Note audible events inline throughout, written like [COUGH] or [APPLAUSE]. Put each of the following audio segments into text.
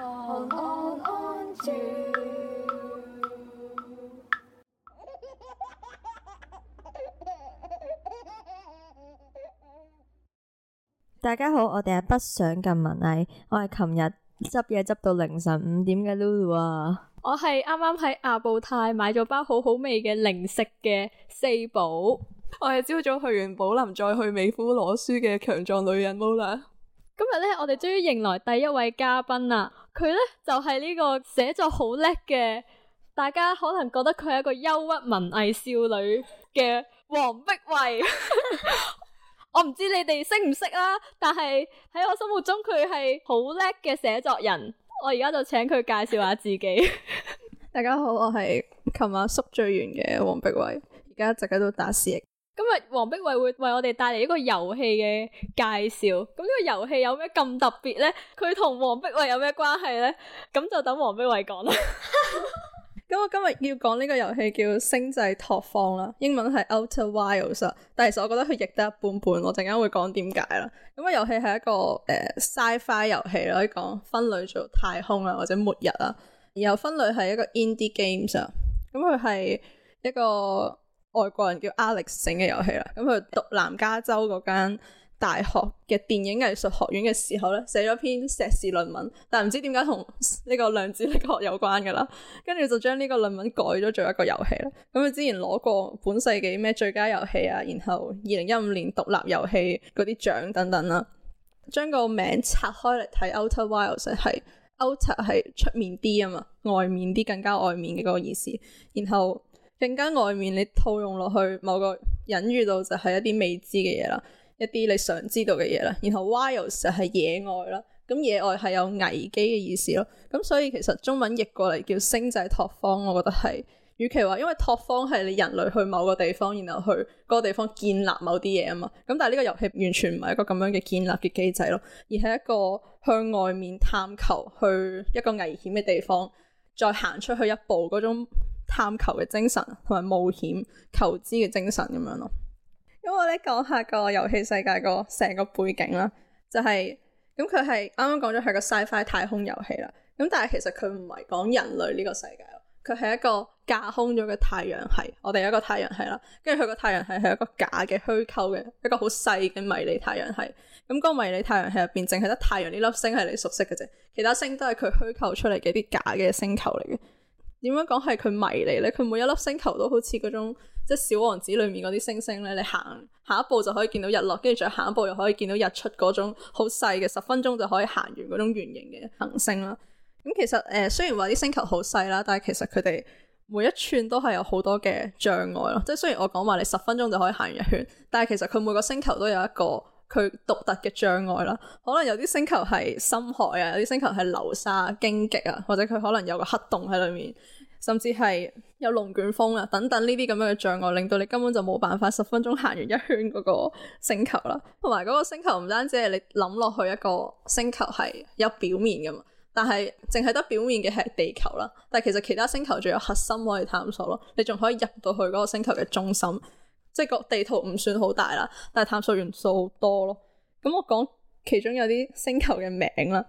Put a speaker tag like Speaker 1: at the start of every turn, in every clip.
Speaker 1: On,
Speaker 2: on, on, 大家好，我哋係北上近文藝。我係琴日執嘢執到凌晨五點嘅 Lulu 啊！
Speaker 1: 我係啱啱喺亞布泰買咗包好好味嘅零食嘅四寶。 [LAUGHS] 我
Speaker 3: 係朝早去完寶林再去美孚攞書嘅強壯女人 Mula。
Speaker 1: 今日咧，我哋終於迎來第一位嘉賓啦！佢咧就係、是、呢個寫作好叻嘅，大家可能覺得佢係一個憂鬱文藝少女嘅王碧蔚。 [LAUGHS] 我唔知你哋識唔識啦，但係喺我心目中佢係好叻嘅寫作人，我而家就請佢介紹下自己。
Speaker 4: 大家好，我係琴晚宿醉完嘅王碧蔚，而家一直喺度打思噎。
Speaker 1: 今日王碧蔚會為我哋帶嚟一個遊戲嘅介紹，咁呢個遊戲有咩咁特別呢？佢同王碧蔚有咩關係呢？咁就等王碧蔚講啦。
Speaker 4: 咁我今日要講呢個遊戲叫星際拓荒啦，英文係 Outer Wilds，但其實我覺得佢譯得一半半，我陣間會講點解啦。咁個遊戲係一個誒科幻遊戲可以講分類做太空啊或者末日啊，然後分類係一個 indie game 上。咁佢係一個。外國人叫 Alex 整嘅遊戲啦，咁佢讀南加州嗰間大學嘅電影藝術學院嘅時候咧，寫咗篇碩士論文，但唔知點解同呢個量子力學有關噶啦，跟住就將呢個論文改咗做一個遊戲啦。咁佢之前攞過本世紀咩最佳遊戲啊，然後二零一五年獨立遊戲嗰啲獎等等啦。將個名拆開嚟睇，Outer Wilds 就係 Outer 係出面啲啊嘛，外面啲更加外面嘅嗰個意思，然後，更加外面，你套用落去某個人遇到就係一啲未知嘅嘢啦，一啲你想知道嘅嘢啦。然後 Wilds 就係野外啦，咁野外係有危機嘅意思咯。咁所以其實中文譯過嚟叫星際拓荒，我覺得係與其話，因為拓荒係你人類去某個地方，然後去個地方建立某啲嘢啊嘛。咁但係呢個遊戲完全唔係一個咁樣嘅建立嘅機制咯，而係一個向外面探求，去一個危險嘅地方，再行出去一步嗰種。探求嘅精神同埋冒險、求知嘅精神咁樣咯。咁我咧講下個遊戲世界個成個背景啦，就係咁佢係啱啱講咗佢個科幻太空遊戲啦。咁但係其實佢唔係講人類呢個世界，佢係一個架空咗嘅太陽系。我哋有一個太陽系啦，跟住佢個太陽系係一個假嘅虛構嘅一個好細嘅迷你太陽系。咁嗰個迷你太陽系入邊淨係得太陽呢粒星係你熟悉嘅啫，其他星都係佢虛構出嚟嘅啲假嘅星球嚟嘅。點樣講係佢迷你咧？佢每一粒星球都好似嗰種，即係小王子裏面嗰啲星星咧。你行下一步就可以見到日落，跟住再行一步又可以見到日出嗰種好細嘅，十分鐘就可以行完嗰種圓形嘅行星啦。咁其實誒、呃，雖然話啲星球好細啦，但係其實佢哋每一寸都係有好多嘅障礙咯。即係雖然我講話你十分鐘就可以行完一圈，但係其實佢每個星球都有一個佢獨特嘅障礙啦。可能有啲星球係深海啊，有啲星球係流沙、荊棘啊，或者佢可能有個黑洞喺裡面。甚至係有龍捲風呀，等等呢啲咁樣嘅障礙，令到你根本就冇辦法十分鐘行完一圈嗰個星球啦。同埋嗰個星球唔單止係你諗落去一個星球係有表面噶嘛，但係淨係得表面嘅係地球啦。但係其實其他星球仲有核心可以探索咯，你仲可以入到去嗰個星球嘅中心，即係個地圖唔算好大啦，但係探索元素好多咯。咁我講其中有啲星球嘅名啦。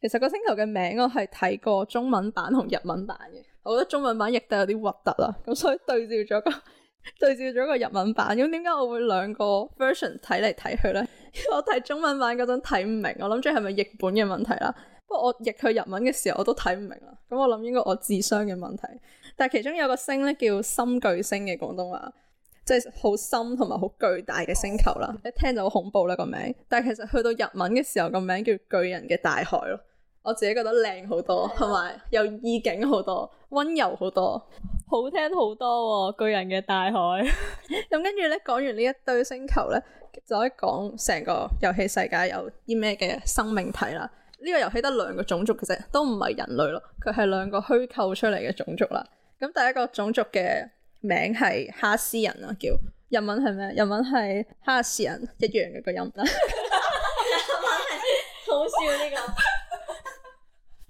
Speaker 4: 其實個星球嘅名我係睇過中文版同日文版嘅，我覺得中文版譯得有啲核突啦，咁所以對照咗個 [LAUGHS] 對照咗個日文版，咁點解我會兩個 version 睇嚟睇去咧？ [LAUGHS] 因為我睇中文版嗰陣睇唔明，我諗住係咪譯本嘅問題啦。不過我譯佢日文嘅時候我都睇唔明啦，咁我諗應該我智商嘅問題。但係其中有個星咧，叫深巨星嘅廣東話。即係好深同埋好巨大嘅星球啦， [MUSIC] 一聽就好恐怖啦個名。但係其實去到日文嘅時候，個名叫巨
Speaker 1: 人嘅大海
Speaker 4: 咯。我自己覺得靚好多，同埋 [MUSIC] 有意境好多，温柔好多 [MUSIC] ，
Speaker 1: 好聽好多，哦。巨人嘅大海。咁跟住咧，講完
Speaker 4: 呢一堆星球咧，就可以講成個遊戲世界有啲咩嘅生命體啦。呢、這個遊戲得兩個種族，其實都唔係人類咯，佢係兩個虛構出嚟嘅種族啦。咁第一個種族嘅。名係哈斯人啊，叫日文係咩？日文係哈斯人，一樣嘅個音啦。
Speaker 1: 日文係好
Speaker 2: 笑呢個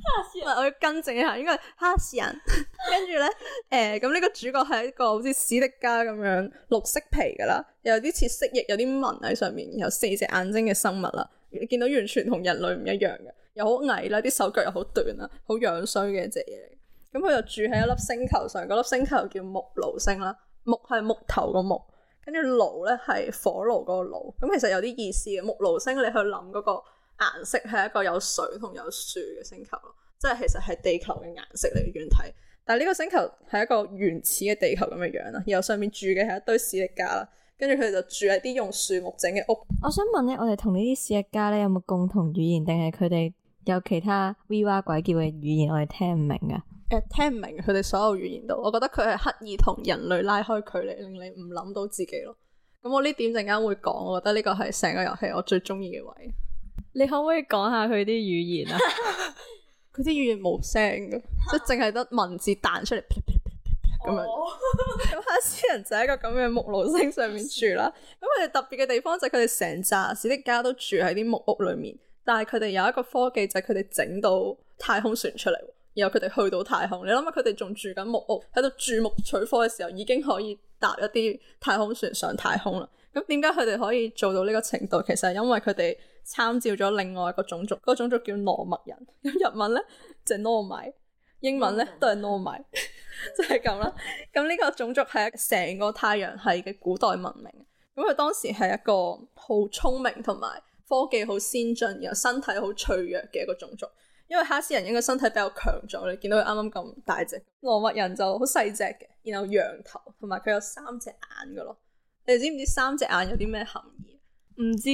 Speaker 4: 哈斯我要更正一下，應該係哈斯人。跟住咧，誒、呃，咁呢個主角係一個好似史迪加咁樣綠色皮噶啦，又有啲似蜥蜴，有啲紋喺上面，然後四隻眼睛嘅生物啦。你見到完全同人類唔一樣嘅，又好矮啦，啲手腳又好短啦，好樣衰嘅一隻嘢嚟。咁佢就住喺一粒星球上，嗰粒星球叫木爐星啦。木係木頭個木，跟住爐咧係火爐個爐。咁其實有啲意思嘅木爐星，你去諗嗰個顏色係一個有水同有樹嘅星球咯，即係其實係地球嘅顏色嚟嘅遠睇。但係呢個星球係一個原始嘅地球咁嘅樣啦，然後上面住嘅係一堆史力嘉啦，跟住佢哋就住喺啲用樹木整嘅屋。
Speaker 2: 我想問咧，我哋同呢啲史力嘉咧有冇共同語言，定係佢哋有其他 v 哇，鬼叫嘅語言，我哋聽唔明㗎？
Speaker 4: 誒，聽唔明佢哋所有語言都，我覺得佢係刻意同人類拉開距離，令你唔諗到自己咯。咁我呢點陣間會講，我覺得呢個係成個遊戲我最中意嘅位。
Speaker 1: 你可唔可以講下
Speaker 4: 佢啲語言啊？佢啲語言冇聲嘅，即係淨係得文字彈出嚟，咁樣。咁哈斯人就喺個咁嘅木爐星上面住啦。咁佢哋特別嘅地方就係佢哋成扎史迪加都住喺啲木屋裏面，但係佢哋有一個科技就係佢哋整到太空船出嚟。然後佢哋去到太空，你諗下佢哋仲住緊木屋，喺度鑽木取火嘅時候，已經可以搭一啲太空船上太空啦。咁點解佢哋可以做到呢個程度？其實係因為佢哋參照咗另外一個種族，嗰 [LAUGHS] 個種族叫諾麥人。咁日文咧，就係諾米，英文咧，都係諾米，就係咁啦。咁呢個種族係成個太陽系嘅古代文明。咁佢當時係一個好聰明同埋科技好先進，然後身體好脆弱嘅一個種族。因為哈斯人應該身體比較強壯，你見到佢啱啱咁大隻，羅麥人就好細隻嘅，然後羊頭，同埋佢有三隻眼噶咯。你知唔知三隻眼有啲咩含義？唔知。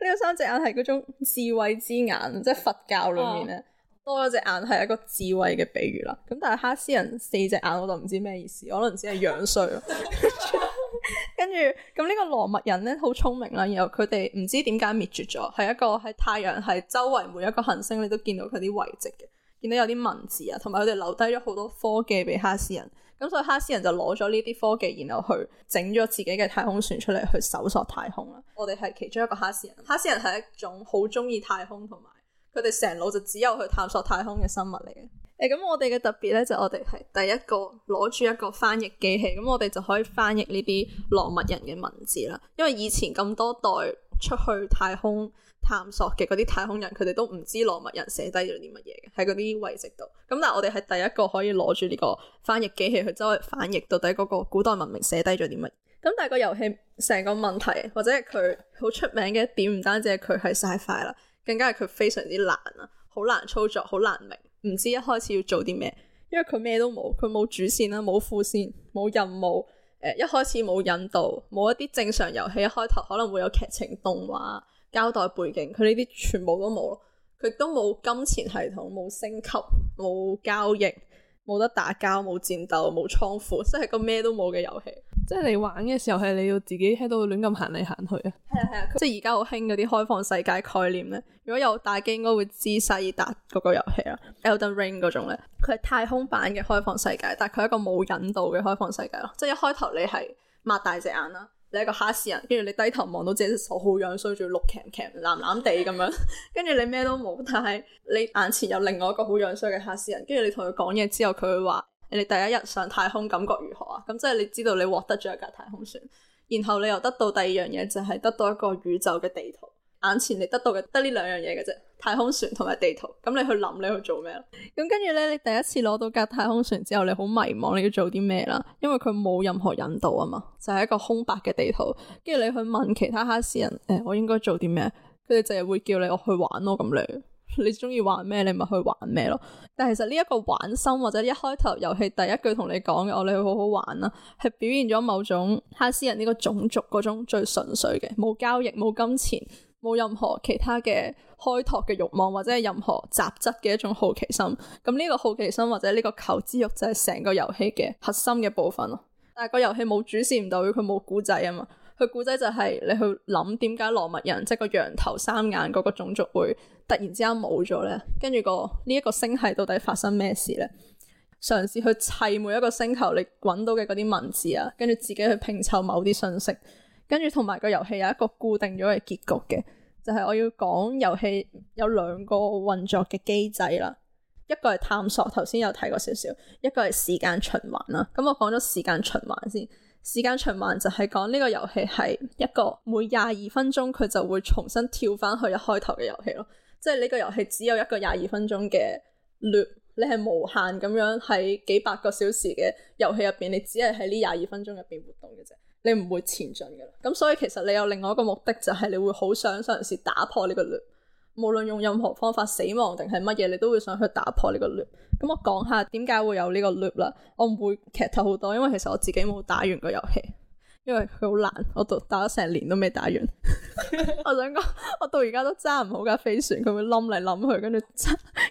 Speaker 4: 呢個三隻眼係嗰種智慧之眼，即係佛教裏面咧、哦、多咗隻眼係一個智慧嘅比喻啦。咁但係哈斯人四隻眼我就唔知咩意思，可能只係樣衰咯。 [LAUGHS] [LAUGHS] 跟住咁呢個羅密人咧好聰明啦，然後佢哋唔知點解滅絕咗，係一個喺太陽系周圍每一個行星，你都見到佢啲遺跡嘅，見到有啲文字啊，同埋佢哋留低咗好多科技俾哈斯人，咁所以哈斯人就攞咗呢啲科技，然後去整咗自己嘅太空船出嚟去搜索太空啦。我哋係其中一個哈斯人，哈斯人係一種好中意太空同埋。佢哋成腦就只有去探索太空嘅生物嚟嘅。誒、欸，咁我哋嘅特別咧，就是，我哋係第一個攞住一個翻譯機器，咁我哋就可以翻譯呢啲羅密人嘅文字啦。因為以前咁多代出去太空探索嘅嗰啲太空人，佢哋都唔知羅密人寫低咗啲乜嘢嘅喺嗰啲遺跡度。咁但係我哋係第一個可以攞住呢個翻譯機器去周圍翻譯到底嗰個古代文明寫低咗啲乜嘢。咁但係個遊戲成個問題或者係佢好出名嘅一點，唔單止係佢係 sci-fi 啦。更加係佢非常之難啊，好難操作，好難明，唔知一開始要做啲咩，因為佢咩都冇，佢冇主線啦，冇副線，冇任務，誒一開始冇引導，冇一啲正常遊戲一開頭可能會有劇情動畫交代背景，佢呢啲全部都冇咯，佢都冇金錢系統，冇升級，冇交易，冇得打交，冇戰鬥，冇倉庫，即係個咩都冇嘅遊戲。
Speaker 3: 即係你玩嘅時候，係你要自己喺度亂咁行嚟行去啊！係啊係啊，即係而家好
Speaker 4: 興嗰啲開放世界概念
Speaker 3: 咧。如果有打機，應該
Speaker 4: 會知《西爾達》嗰個遊戲啊 Elden Ring》嗰種咧，佢係太空版嘅開放世界，但係佢一個冇引導嘅開放世界咯。即係一開頭你係擘大隻眼啦，你一個哈斯人，跟住你低頭望到自己隻手好樣衰，仲要綠鉗鉗、藍藍地咁樣，跟 [LAUGHS] 住你咩都冇，但係你眼前有另外一個好樣衰嘅哈斯人，跟住你同佢講嘢之後，佢會話。你哋第一日上太空感覺如何啊？咁即係你知道你獲得咗一架太空船，然後你又得到第二樣嘢，就係得到一個宇宙嘅地圖。眼前你得到嘅得呢兩樣嘢嘅啫，太空船同埋地圖。咁你去諗你去做咩咯？咁跟住咧，你第一次攞到架太空船之後，你好迷茫你要做啲咩啦？因為佢冇任何引導啊嘛，就係一個空白嘅地圖。跟住你去問其他哈斯人，誒，我應該做啲咩？佢哋就係會叫你我去玩咯，咁你。你中意玩咩？你咪去玩咩咯。但其實呢一個玩心或者一開頭遊戲第一句同你講嘅，我哋去好好玩啦，係表現咗某種哈斯人呢個種族嗰種最純粹嘅，冇交易、冇金錢、冇任何其他嘅開拓嘅慾望或者任何雜質嘅一種好奇心。咁呢個好奇心或者呢個求知欲就係成個遊戲嘅核心嘅部分咯。但係個遊戲冇主線唔代表，佢冇古仔啊嘛。佢故仔就係你去諗點解羅密人即係、就是、個羊頭三眼嗰個種族會突然之間冇咗咧，跟住個呢一個星系到底發生咩事咧？嘗試去砌每一個星球你揾到嘅嗰啲文字啊，跟住自己去拼湊某啲信息，跟住同埋個遊戲有一個固定咗嘅結局嘅，就係、是、我要講遊戲有兩個運作嘅機制啦，一個係探索頭先有睇過少少，一個係時間循環啦。咁我講咗時間循環先。時間循環就係講呢個遊戲係一個每廿二分鐘佢就會重新跳翻去一開頭嘅遊戲咯，即係呢個遊戲只有一個廿二分鐘嘅 loop，你係無限咁樣喺幾百個小時嘅遊戲入邊，你只係喺呢廿二分鐘入邊活動嘅啫，你唔會前進嘅。咁所以其實你有另外一個目的就係你會好想嘗試打破呢個 loop。無論用任何方法死亡定係乜嘢，你都會想去打破呢個 loop。咁我講下點解會有呢個 loop 啦。我唔會劇透好多，因為其實我自己冇打完個遊戲，因為佢好難，我都打咗成年都未打完。我想講，我到而家都揸唔好架飛船，佢會冧嚟冧去，跟住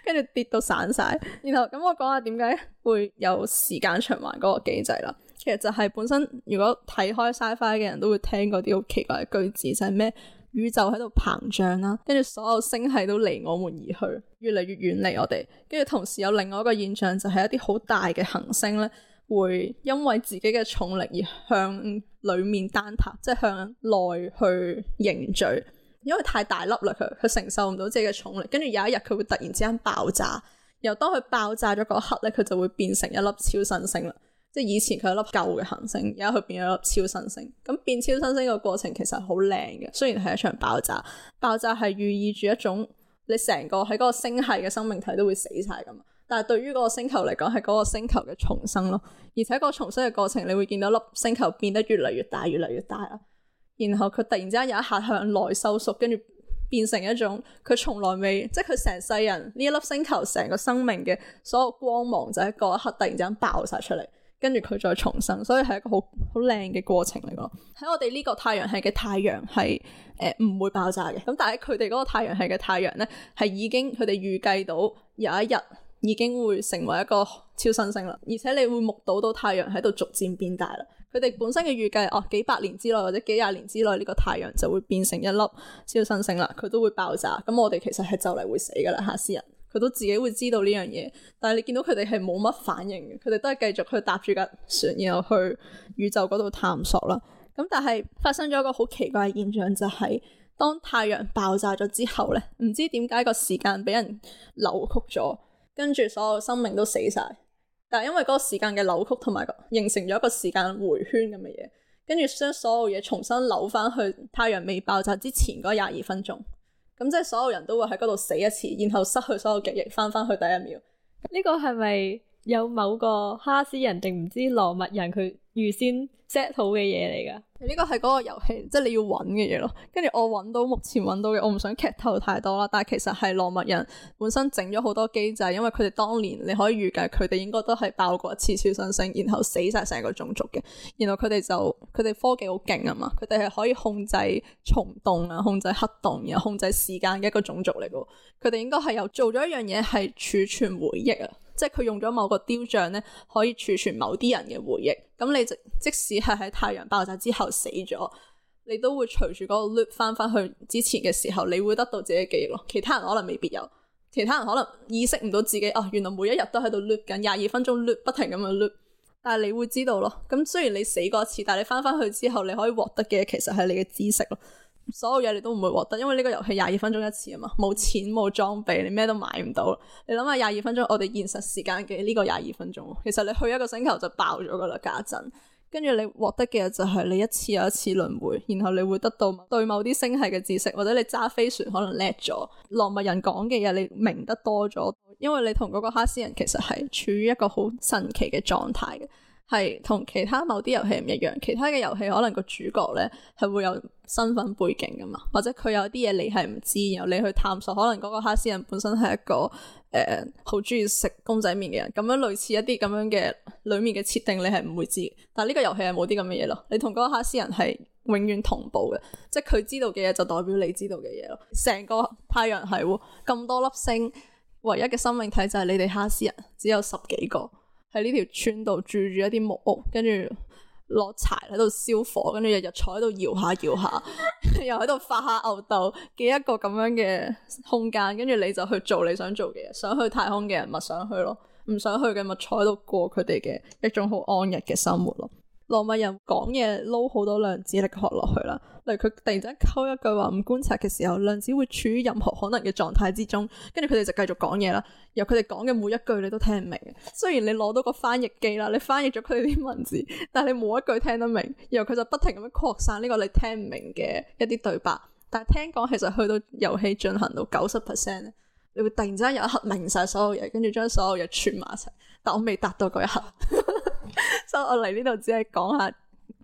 Speaker 4: 跟住跌到散晒。然後咁，我講下點解會有時間循環嗰個機制啦。其實就係本身，如果睇開 sci-fi 嘅人都會聽過啲好奇怪嘅句子，就係、是、咩？宇宙喺度膨脹啦，跟住所有星系都離我們而去，越嚟越遠離我哋。跟住同時有另外一個現象，就係、是、一啲好大嘅行星咧，會因為自己嘅重力而向裏面坍塌，即係向內去凝聚，因為太大粒啦佢，佢承受唔到自己嘅重力。跟住有一日佢會突然之間爆炸，然後當佢爆炸咗嗰刻咧，佢就會變成一粒超新星啦。即係以前佢一粒舊嘅恆星，而家佢變咗粒超新星。咁變超新星嘅過程其實好靚嘅，雖然係一場爆炸，爆炸係寓意住一種你成個喺嗰個星系嘅生命體都會死晒咁。但係對於個星球嚟講，係嗰個星球嘅重生咯。而且個重生嘅過程，你會見到粒星球變得越嚟越大，越嚟越大啦。然後佢突然之間有一下向內收縮，跟住變成一種佢從來未，即係佢成世人呢一粒星球成個生命嘅所有光芒，就喺一刻突然之間爆晒出嚟。跟住佢再重生，所以係一個好好靚嘅過程嚟咯。喺我哋呢個太陽系嘅太陽系，誒、呃、唔會爆炸嘅。咁但係佢哋嗰個太陽系嘅太陽咧，係已經佢哋預計到有一日已經會成為一個超新星啦。而且你會目睹到太陽喺度逐漸變大啦。佢哋本身嘅預計，哦幾百年之內或者幾廿年之內呢、這個太陽就會變成一粒超新星啦，佢都會爆炸。咁我哋其實係就嚟會死噶啦吓，詩人。佢都自己會知道呢樣嘢，但係你見到佢哋係冇乜反應嘅，佢哋都係繼續去搭住架船，然後去宇宙嗰度探索啦。咁但係發生咗一個好奇怪嘅現象，就係當太陽爆炸咗之後咧，唔知點解個時間俾人扭曲咗，跟住所有生命都死晒。但係因為嗰個時間嘅扭曲同埋形成咗一個時間回圈咁嘅嘢，跟住將所有嘢重新扭翻去太陽未爆炸之前嗰廿二分鐘。咁、嗯、即係所有人都會喺嗰度死一次，然後
Speaker 1: 失去所有記憶，翻返去第一秒。呢個係咪有某個哈斯人定唔知羅密人佢？預先 set 好嘅嘢嚟噶，
Speaker 4: 呢個係嗰個遊戲，即係你要揾嘅嘢咯。跟住我揾到，目前揾到嘅，我唔想劇透太多啦。但係其實係羅馬人本身整咗好多機制，因為佢哋當年你可以預計佢哋應該都係爆過一次超新星，然後死晒成個種族嘅。然後佢哋就佢哋科技好勁啊嘛，佢哋係可以控制蟲洞啊，控制黑洞，然後控制時間嘅一個種族嚟嘅。佢哋應該係有做咗一樣嘢，係儲存回憶啊。即係佢用咗某個雕像咧，可以儲存某啲人嘅回憶。咁你即使係喺太陽爆炸之後死咗，你都會隨住嗰個 loop 翻翻去之前嘅時候，你會得到自己嘅記憶咯。其他人可能未必有，其他人可能意識唔到自己哦。原來每一日都喺度 loop 緊廿二分鐘 loop，不停咁樣 loop。但係你會知道咯。咁雖然你死過一次，但係你翻翻去之後，你可以獲得嘅其實係你嘅知識咯。所有嘢你都唔會獲得，因為呢個遊戲廿二分鐘一次啊嘛，冇錢冇裝備，你咩都買唔到。你諗下廿二分鐘，我哋現實時間嘅呢個廿二分鐘，其實你去一個星球就爆咗噶啦，家陣。跟住你獲得嘅就係你一次又一次輪迴，然後你會得到某對某啲星系嘅知識，或者你揸飛船可能叻咗，羅密人講嘅嘢你明得多咗，因為你同嗰個哈斯人其實係處於一個好神奇嘅狀態嘅。係同其他某啲遊戲唔一樣，其他嘅遊戲可能個主角咧係會有身份背景噶嘛，或者佢有啲嘢你係唔知，然後你去探索，可能嗰個哈斯人本身係一個誒好中意食公仔麵嘅人，咁樣類似一啲咁樣嘅裏面嘅設定你係唔會知，但係呢個遊戲係冇啲咁嘅嘢咯，你同嗰個哈斯人係永遠同步嘅，即係佢知道嘅嘢就代表你知道嘅嘢咯。成個太陽系咁多粒星，唯一嘅生命體就係你哋哈斯人，只有十幾個。喺呢條村度住住一啲木屋，跟住攞柴喺度燒火，跟住日日坐喺度搖下搖下， [LAUGHS] [LAUGHS] 又喺度發下吽竇嘅一個咁樣嘅空間，跟住你就去做你想做嘅嘢，想去太空嘅人咪想去咯，唔想去嘅咪坐喺度過佢哋嘅一種好安逸嘅生活咯。羅馬人講嘢，撈好多量子力學落去啦，例如佢突然間溝一句話，唔觀察嘅時候，量子會處於任何可能嘅狀態之中，跟住佢哋就繼續講嘢啦。然後佢哋講嘅每一句你都聽唔明，雖然你攞到個翻譯機啦，你翻譯咗佢哋啲文字，但係你冇一句聽得明。然後佢就不停咁樣擴散呢個你聽唔明嘅一啲對白。但係聽講其實去到遊戲進行到九十 percent，你會突然之間有一刻明晒所有嘢，跟住將所有嘢串埋一齊。但我未達到嗰一刻。 [LAUGHS]
Speaker 1: [LAUGHS] 所以我嚟呢度只係講下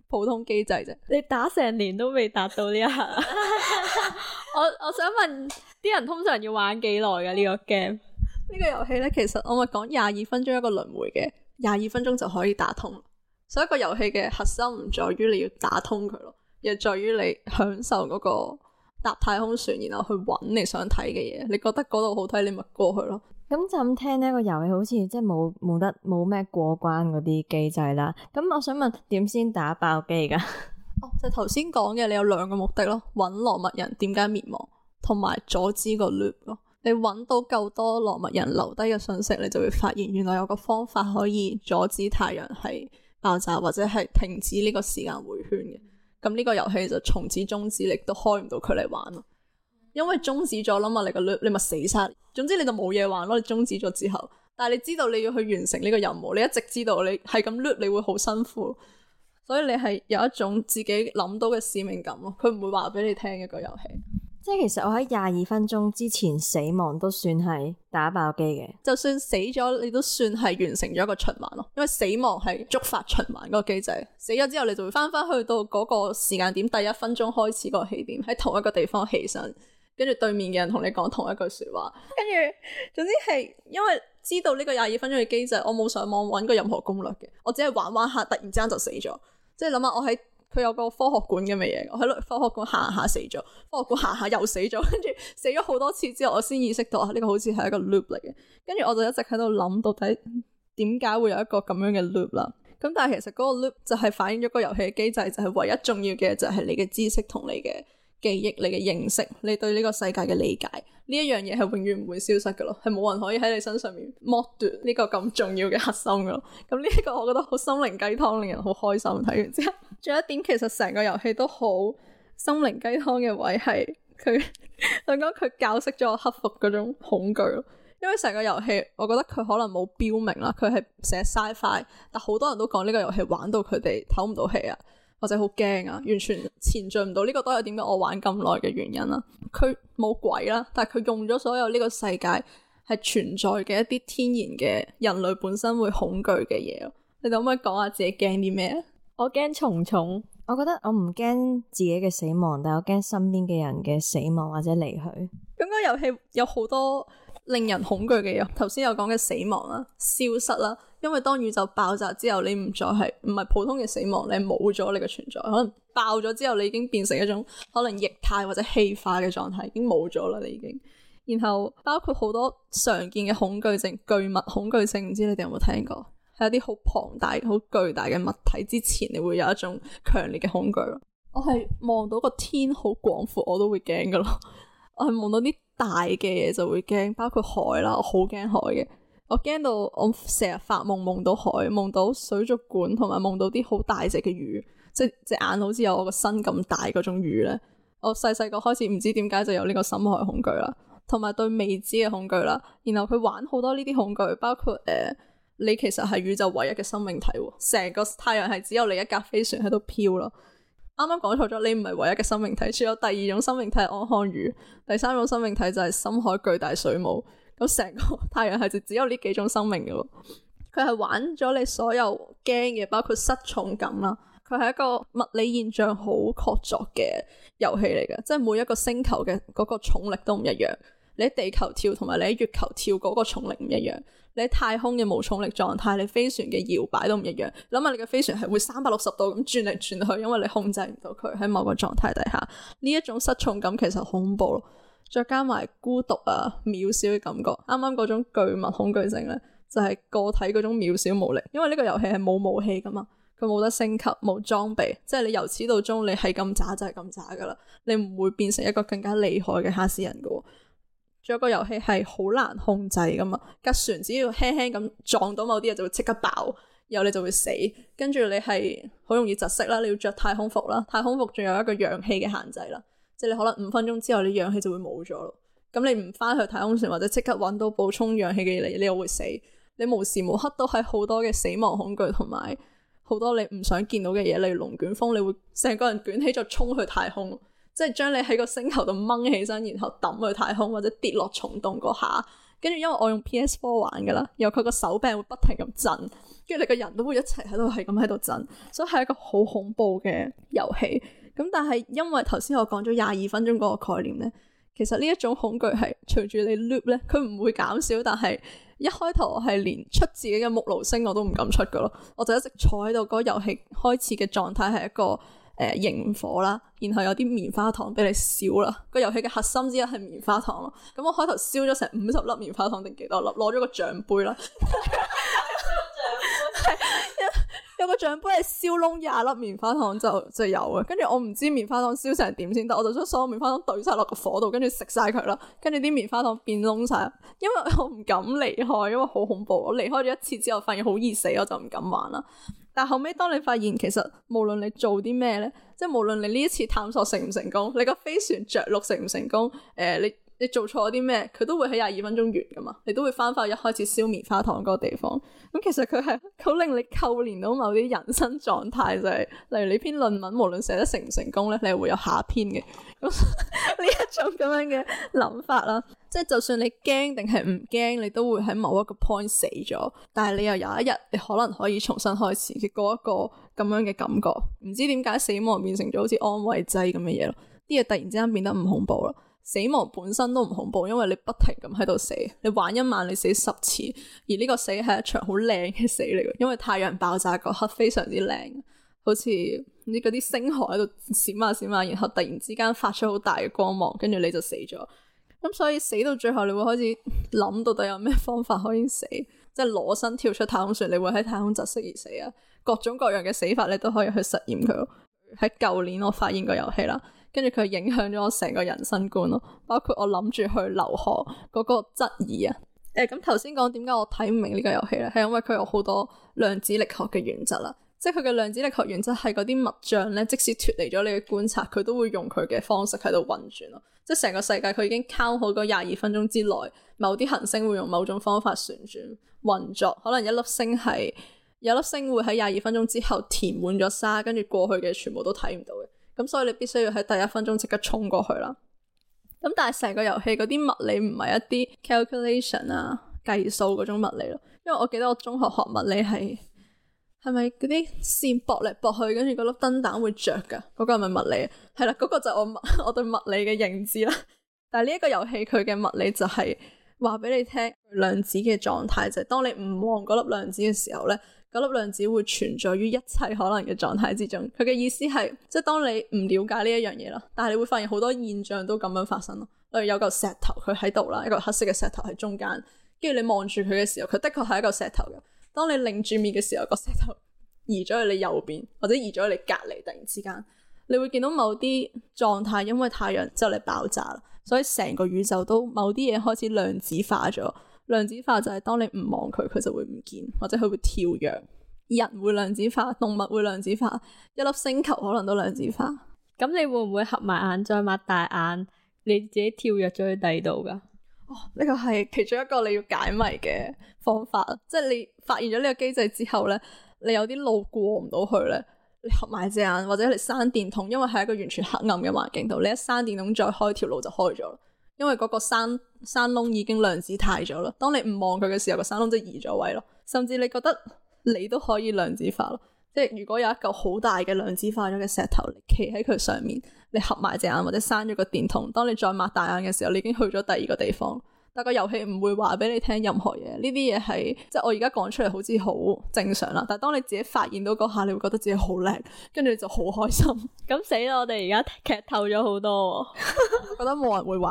Speaker 1: 普通機制啫，你打成年都未達到呢一下。 [LAUGHS] [LAUGHS] 我我想問啲人通常要玩幾耐嘅呢個 game？
Speaker 4: 呢個遊戲呢，其實我咪講廿二分鐘一個輪回嘅，廿二分鐘就可以打通。所以一個遊戲嘅核心唔在於你要打通佢咯，而在於你享受嗰個搭太空船，然後去揾你想睇嘅嘢。你覺得嗰度好睇，你
Speaker 2: 咪過去咯。咁就咁聽呢個遊戲好似即係冇冇得冇咩過關嗰啲機制啦。咁我想問點先打爆機噶？
Speaker 4: 哦，就頭先講嘅，你有兩個目的咯，揾羅密人點解滅亡，同埋阻止個 loop 咯。你揾到夠多羅密人留低嘅信息，你就會發現原來有個方法可以阻止太陽系爆炸或者係停止呢個時間回圈嘅。咁呢個遊戲就從始終止，你都開唔到佢嚟玩咯。因為終止咗啦嘛，loop, 你個你咪死晒，總之你就冇嘢玩咯。你終止咗之後，但係你知道你要去完成呢個任務，你一直知道你係咁 loop，你會好辛苦，所以你係有一種自己諗到嘅使命感咯。佢唔會話俾你聽一個遊戲，
Speaker 2: 即係其實我喺廿二分鐘之前死亡都算係打爆機嘅，
Speaker 4: 就算死咗你都算係完成咗一個循環咯。因為死亡係觸發循環個機制，死咗之後你就會翻翻去到嗰個時間點第一分鐘開始個起點，喺同一個地方起身。跟住對面嘅人同你講同一句説話，跟住總之係因為知道呢個廿二分鐘嘅機制，我冇上網揾過任何攻略嘅，我只係玩玩下，突然之間就死咗。即係諗下我喺佢有個科學館咁嘅嘢，我喺科學館行下死咗，科學館行下又死咗，跟住死咗好多次之後，我先意識到呢個好似係一個 loop 嚟嘅。跟住我就一直喺度諗到底點解會有一個咁樣嘅 loop 啦。咁但係其實嗰個 loop 就係反映咗個遊戲嘅機制，就係、是、唯一重要嘅就係你嘅知識同你嘅。記憶你嘅認識，你對呢個世界嘅理解，呢一樣嘢係永遠唔會消失噶咯，係冇人可以喺你身上面剝奪呢個咁重要嘅核心噶。咁呢一個我覺得好心靈雞湯，令人好開心。睇完之後，仲 [LAUGHS] 有一點，其實成個遊戲都好心靈雞湯嘅位係佢，我講佢教識咗我克服嗰種恐懼咯。因為成個遊戲，我覺得佢可能冇標明啦，佢係寫 sci-fi 但好多人都講呢個遊戲玩到佢哋唞唔到氣啊。或者好驚啊，完全前進唔到呢個都有點解我玩咁耐嘅原因啊。佢冇鬼啦，啊，但係佢用咗所有呢個世界係存在嘅一啲天然嘅人類本身會恐懼嘅嘢。你可唔可以講下自己
Speaker 2: 驚啲咩？我驚蟲蟲，我覺得我唔驚自己嘅死亡，但我驚身邊嘅人嘅死亡或者離去。
Speaker 4: 咁個遊戲有好多，令人恐懼嘅嘢，頭先有講嘅死亡啦、消失啦，因為當宇宙爆炸之後，你唔再係唔係普通嘅死亡，你冇咗你嘅存在，可能爆咗之後，你已經變成一種可能液態或者氣化嘅狀態，已經冇咗啦，你已經。然後包括好多常見嘅恐懼症，巨物恐懼症，唔知你哋有冇聽過？係一啲好龐大、好巨大嘅物體之前，你會有一種強烈嘅恐懼。我係望到個天好廣闊，我都會驚噶咯。我係夢到啲大嘅嘢，就會驚，包括海啦，我好驚海嘅，我驚到我成日發夢夢到海，夢到水族館，同埋夢到啲好大隻嘅魚，即係隻眼好似有我個身咁大嗰種魚咧。我細細個開始唔知點解就有呢個深海恐懼啦，同埋對未知嘅恐懼啦。然後佢玩好多呢啲恐懼，包括誒、呃，你其實係宇宙唯一嘅生命體，成個太陽系只有你一架飛船喺度飄咯。啱啱講錯咗，你唔係唯一嘅生命體，除咗第二種生命體係安康魚，第三種生命體就係深海巨大水母。咁成個太陽系就只有呢幾種生命嘅咯。佢係玩咗你所有驚嘅，包括失重感啦。佢係一個物理現象好確鑿嘅遊戲嚟嘅，即係每一個星球嘅嗰個重力都唔一樣。你喺地球跳同埋你喺月球跳嗰個重力唔一樣，你喺太空嘅無重力狀態，你飛船嘅搖擺都唔一樣。諗下你嘅飛船係會三百六十度咁轉嚟轉去，因為你控制唔到佢喺某個狀態底下，呢一種失重感其實好恐怖咯。再加埋孤獨啊、渺小嘅感覺，啱啱嗰種巨物恐懼症咧，就係、是、個體嗰種渺小無力。因為呢個遊戲係冇武器噶嘛，佢冇得升級、冇裝備，即係你由始到終你係咁渣就係咁渣噶啦，你唔會變成一個更加厲害嘅哈斯人噶。仲有個遊戲係好難控制噶嘛，架船只要輕輕咁撞到某啲嘢，就會即刻爆，然後你就會死，跟住你係好容易窒息啦，你要着太空服啦，太空服仲有一個氧氣嘅限制啦，即係你可能五分鐘之後你氧氣就會冇咗咯，咁你唔翻去太空船或者即刻搵到補充氧氣嘅嘢你，你又會死，你無時無刻都係好多嘅死亡恐懼同埋好多你唔想見到嘅嘢，例如龍捲風，你會成個人捲起就衝去太空。即係將你喺個星球度掹起身，然後掟去太空或者跌落蟲洞嗰下，跟住因為我用 PS4 玩噶啦，然後佢個手柄會不停咁震，跟住你個人都會一齊喺度係咁喺度震，所以係一個好恐怖嘅遊戲。咁但係因為頭先我講咗廿二分鐘嗰個概念咧，其實呢一種恐懼係隨住你 loop 咧，佢唔會減少，但係一開頭我係連出自己嘅木爐星我都唔敢出噶咯，我就一直坐喺度，嗰個遊戲開始嘅狀態係一個。誒，營、呃、火啦，然後有啲棉花糖俾你燒啦。個遊戲嘅核心之一係棉花糖咯。咁我開頭燒咗成五十粒棉花糖定幾多粒，攞咗個獎盃啦。 [LAUGHS] [LAUGHS] [LAUGHS] 有個獎盃係燒窿廿粒棉花糖就就有嘅。跟住我唔知棉花糖燒成點先，得，我就將所有棉花糖懟晒落個火度，跟住食晒佢啦。跟住啲棉花糖變窿晒，因為我唔敢離開，因為好恐怖。我離開咗一次之後，發現好易死，我就唔敢玩啦。但後尾當你發現，其實無論你做啲咩咧，即係無論你呢一次探索成唔成功，你個飛船着陸成唔成功，誒、呃、你。你做錯啲咩，佢都會喺廿二分鐘完噶嘛？你都會翻翻去一開始燒棉花糖嗰個地方。咁其實佢係好令你扣連到某啲人生狀態，就係、是、例如你篇論文無論寫得成唔成功咧，你係會有下篇嘅。咁呢一種咁樣嘅諗法啦，即、就、係、是、就算你驚定係唔驚，你都會喺某一個 point 死咗，但係你又有一日你可能可以重新開始嘅嗰一個咁樣嘅感覺。唔知點解死亡變成咗好似安慰劑咁嘅嘢咯？啲嘢突然之間變得唔恐怖咯。死亡本身都唔恐怖，因為你不停咁喺度死，你玩一晚你死十次，而呢個死係一場好靚嘅死嚟嘅。因為太陽爆炸嗰刻非常之靚，好似呢嗰啲星河喺度閃啊閃啊，然後突然之間發出好大嘅光芒，跟住你就死咗。咁所以死到最後你會開始諗到底有咩方法可以死，即係裸身跳出太空船，你會喺太空窒息而死啊，各種各樣嘅死法你都可以去實驗佢。喺舊年我發現個遊戲啦。跟住佢影響咗我成個人生觀咯，包括我諗住去留學嗰個質疑啊。誒、欸，咁頭先講點解我睇唔明呢個遊戲咧？係因為佢有好多量子力學嘅原則啦，即係佢嘅量子力學原則係嗰啲物像咧，即使脫離咗你嘅觀察，佢都會用佢嘅方式喺度運轉咯。即係成個世界佢已經 count 好嗰廿二分鐘之內，某啲行星會用某種方法旋轉運作，可能一粒星係有粒星會喺廿二分鐘之後填滿咗沙，跟住過去嘅全部都睇唔到嘅。咁所以你必須要喺第一分鐘即刻衝過去啦。咁但係成個遊戲嗰啲物理唔係一啲 calculation 啊，計數嗰種物理咯，因為我記得我中學學物理係係咪嗰啲線駁嚟駁去，跟住嗰粒燈膽會着噶，嗰、那個係咪物理啊？係啦，嗰、那個就我我對物理嘅認知啦。但係呢一個遊戲佢嘅物理就係話俾你聽量子嘅狀態就係、是、當你唔望嗰粒量子嘅時候咧。嗰粒量子會存在於一切可能嘅狀態之中。佢嘅意思係，即係當你唔了解呢一樣嘢咯，但係你會發現好多現象都咁樣發生咯。例如有個石頭佢喺度啦，一個黑色嘅石頭喺中間，跟住你望住佢嘅時候，佢的確係一個石頭嘅。當你擰住面嘅時候，個石頭移咗去你右邊，或者移咗去你隔離，突然之間你會見到某啲狀態，因為太陽之後嚟爆炸喇，所以成個宇宙都某啲嘢開始量子化咗。量子化就係當你唔望佢，佢就會唔見，或者佢會跳躍。人會
Speaker 1: 量子化，動物會量子化，一粒星球可能都量子化。咁你會唔會合埋眼再擘大眼，你自己跳躍咗去第二度噶？哦，呢個係其中一
Speaker 4: 個你要解謎嘅方法，即係你發現咗呢個機制之後咧，你有啲路過唔到去咧，你合埋隻眼或者你閂電筒，因為係一個完全黑暗嘅環境度，你一閂電筒再開條路就開咗。因為嗰個山山窿已經量子態咗啦，當你唔望佢嘅時候，個山窿即係移咗位咯，甚至你覺得你都可以量子化咯，即係如果有一嚿好大嘅量子化咗嘅石頭，你企喺佢上面，你合埋隻眼或者閂咗個電筒，當你再擘大眼嘅時候，你已經去咗第二個地方。但個遊戲唔會話畀你聽任何嘢，呢啲嘢係即係我而家講出嚟好似好正常啦。但係當你自己發現到嗰下，你會覺得自己好叻，跟住就好開心。咁死啦！我哋而家劇透咗好多，哦， [LAUGHS] [LAUGHS] 覺得冇人會玩。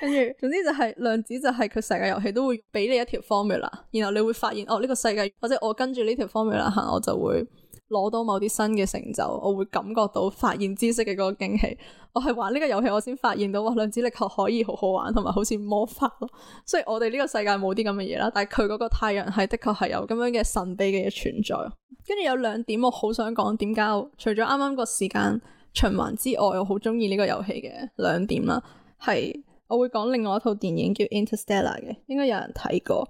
Speaker 4: 跟住，總之就係、是、量子，就係佢成個遊戲都會畀你一條 u l a，然後你會發現哦，呢、這個世界或者我跟住呢條 u l a 行，我就會。攞到某啲新嘅成就，我會感覺到發現知識嘅嗰個驚喜。我係玩呢個遊戲，我先發現到哇，量子力學可以好好玩，同埋好似魔法咯。雖然我哋呢個世界冇啲咁嘅嘢啦，但係佢嗰個太陽系的確係有咁樣嘅神秘嘅嘢存在。跟住有兩點我好想講，點解我除咗啱啱個時間循環之外，我好鍾意呢個遊戲嘅兩點啦。係我會講另外一套電影叫《Interstellar》嘅，應該有人睇過，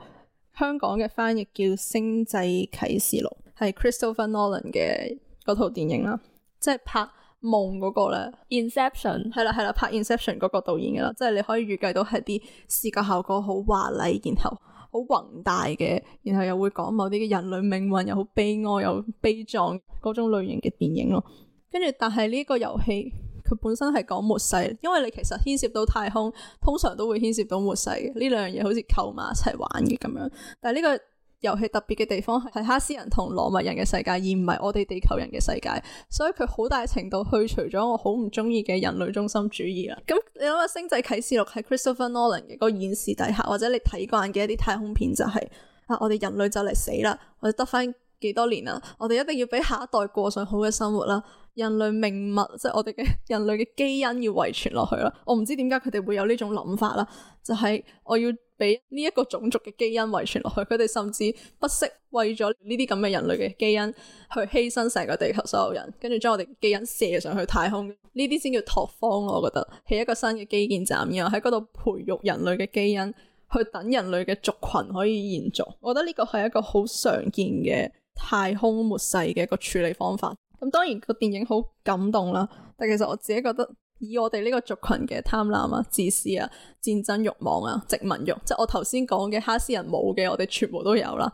Speaker 4: 香港嘅翻譯叫《星際啟示錄》。係 Christopher Nolan 嘅嗰套電影啦，即係拍夢嗰、嗰個咧，Inception，《Inception》係啦係啦，拍《Inception》嗰個導演嘅啦，即係你可以預計到係啲視覺效果好華麗，然後好宏大嘅，然後又會講某啲嘅人類命運又好悲哀又悲壯嗰種類型嘅電影咯。跟住，但係呢個遊戲佢本身係講末世，因為你其實牽涉到太空，通常都會牽涉到末世嘅呢兩樣嘢，好似扣埋一齊玩嘅咁樣。但係、這、呢個。遊戲特別嘅地方係係哈斯人同羅密人嘅世界，而唔係我哋地球人嘅世界，所以佢好大程度去除咗我好唔中意嘅人類中心主義啦。咁你諗下《星際啟示錄》喺 Christopher Nolan 嘅個演示底下，或者你睇慣嘅一啲太空片就係、是、啊，我哋人類就嚟死啦，我哋得翻幾多年啊，我哋一定要俾下一代過上好嘅生活啦，人類命脈，即、就、係、是、我哋嘅人類嘅基因要遺傳落去啦。我唔知點解佢哋會有呢種諗法啦，就係、是、我要。俾呢一個種族嘅基因遺傳落去，佢哋甚至不惜為咗呢啲咁嘅人類嘅基因去犧牲成個地球所有人，跟住將我哋基因射上去太空，呢啲先叫拓荒。我覺得起一個新嘅基建站，然後喺嗰度培育人類嘅基因，去等人類嘅族群可以延續。我覺得呢個係一個好常見嘅太空末世嘅一個處理方法。咁當然個電影好感動啦，但其實我自己覺得。以我哋呢個族群嘅，貪婪啊、自私啊、戰爭欲望啊、殖民欲，即係我頭先講嘅哈斯人冇嘅，我哋全部都有啦。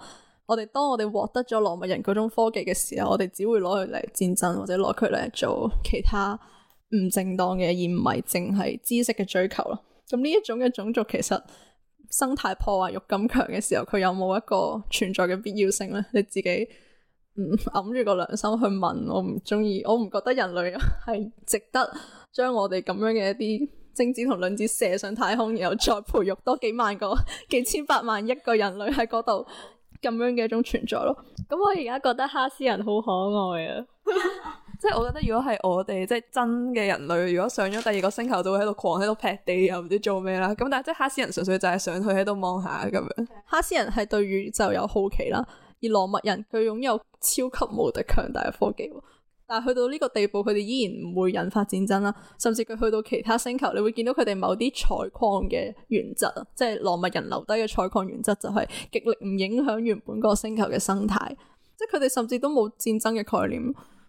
Speaker 4: 我哋當我哋獲得咗挪麥人嗰種科技嘅時候，我哋只會攞佢嚟戰爭，或者攞佢嚟做其他唔正當嘅，而唔係淨係知識嘅追求咯。咁呢一種嘅種族，其實生態破壞欲咁強嘅時候，佢有冇一個存在嘅必要性咧？你自己？嗯，揞住個良心去問，我唔鍾意，我唔覺得人類係值得將我哋咁樣嘅一啲精子同卵子射上太空，然後再培育多幾萬個、幾千百萬億個人類喺嗰度咁樣嘅一種存在咯。咁我而家覺得哈
Speaker 1: 斯
Speaker 3: 人好可愛啊！ [LAUGHS] [LAUGHS] 即係我覺得如果係我哋即係真嘅人類，如果上咗第二個星球，就會喺度狂喺度劈地，又唔知做咩啦。咁但係即係哈斯人純粹就係想去喺度望下咁樣。
Speaker 4: Okay. 哈斯人係對宇宙有好奇啦。而羅密人佢擁有超級無敵強大嘅科技，但係去到呢個地步，佢哋依然唔會引發戰爭啦。甚至佢去到其他星球，你會見到佢哋某啲採礦嘅原則啊，即係羅密人留低嘅採礦原則就係極力唔影響原本個星球嘅生態，即係佢哋甚至都冇戰爭嘅概念，